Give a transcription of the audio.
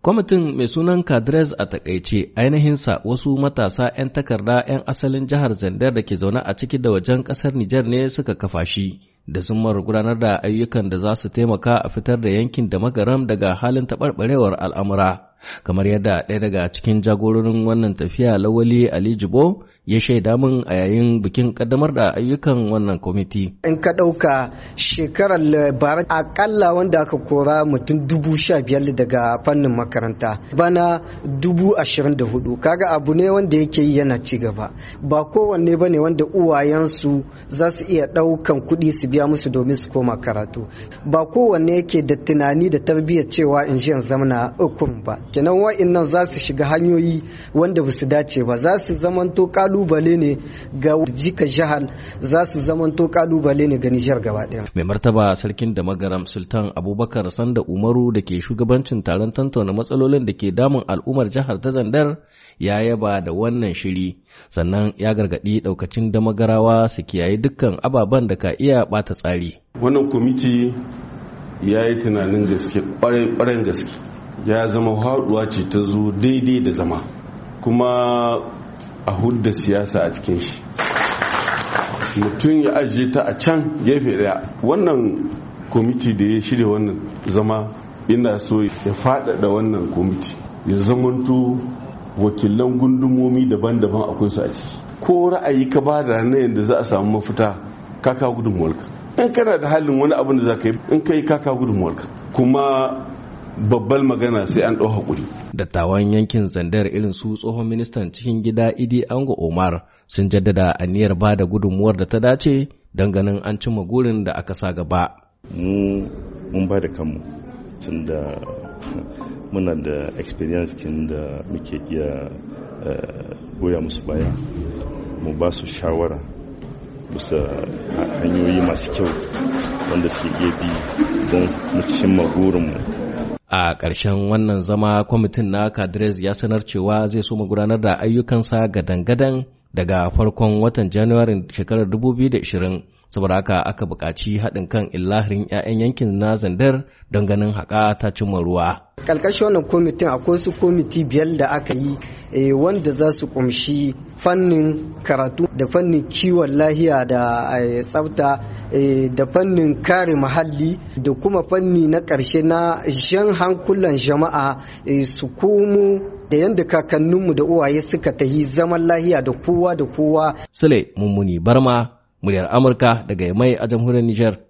Kwamitin mai sunan Kadres a takaice ainihin sa wasu matasa 'yan takarda 'yan asalin jihar Zandar da ke zaune a ciki da wajen ƙasar Nijar ne suka kafa shi da zumar gudanar da ayyukan da za su taimaka a fitar da yankin da magaram daga halin taɓarɓarewar al'amura. kamar yadda ɗaya daga cikin jagororin wannan tafiya lawali Ali Jibo ya shaida mun a yayin bikin kaddamar da ayyukan wannan kwamiti. In ka ɗauka shekarar bara akalla wanda aka kora mutum dubu sha biyar daga fannin makaranta bana dubu ashirin da hudu kaga abu ne wanda yake yi yana ci gaba ba kowanne ba ne wanda uwayensu za su iya ɗaukan kuɗi su biya musu domin su koma karatu ba kowanne yake da tunani da tarbiyyar cewa in ji zamana ukun ba kenan wa'annan za su shiga hanyoyi wanda ba su dace ba za su zamanto kalubale ne ga jika jihar za su zamanto kalubale ne ga nijar gaba daya mai martaba sarkin da magaram sultan abubakar sanda umaru da ke shugabancin taron tantauna matsalolin da ke damun al'ummar jihar ta zandar ya yaba da wannan shiri sannan ya gargaɗi daukacin damagarawa su kiyaye dukkan ababen da ka iya bata tsari wannan kwamiti ya yi tunanin gaske kwarai gaske ya zama haɗuwa ce ta zo daidai da zama kuma a hudda siyasa a cikin shi mutum ya ajiye ta a can gefe daya wannan kwamiti da ya shirya wannan zama ina so ya faɗaɗa wannan kwamiti ya zamanto wakilan gundumomi daban-daban akwai su a ciki ko ra'ayi ka ba da na yadda za a samu mafita kaka gudunmuwarka in kana da halin wani abin da za ka yi in ka yi kaka gudunmuwarka kuma babbal magana sai an ɗau hakuri. Dattawan yankin zandar irin su tsohon ministan cikin gida Idi Ango Omar sun jaddada aniyar ba da gudunmuwar da ta dace don an cimma gurin da aka sa gaba. Mu mun ba da kanmu tun da muna da experience kin da muke iya eh, goya musu baya mu ba su shawara bisa hanyoyi masu kyau wanda suke iya bi don mu cimma gurinmu A ƙarshen wannan zama kwamitin na Kadres ya sanar cewa zai so gudanar da ayyukansa gadan-gadan daga farkon watan januwarin shekarar 2020. saboda haka aka buƙaci haɗin kan illahirin 'ya'yan yankin na zandar don ganin haƙa ta cimma ruwa ƙarƙashin wannan kwamitin akwai su kwamiti biyar da aka yi eh, wanda za su ƙunshi fannin karatu da fannin kiwon lahiya da eh, tsafta eh, da fannin kare muhalli da kuma fanni na ƙarshe na jan hankulan jama'a su komo da yadda kakanninmu da uwaye suka tahi zaman lahiya da kowa da kowa. Sule Mummuni Barma muryar Amurka daga mai a jamhuriyar Nijar.